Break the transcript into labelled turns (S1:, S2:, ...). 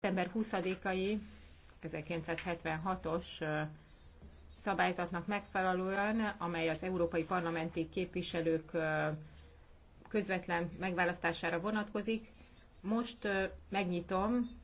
S1: Szeptember 20-ai 1976-os szabályzatnak megfelelően, amely az európai parlamenti képviselők közvetlen megválasztására vonatkozik. Most megnyitom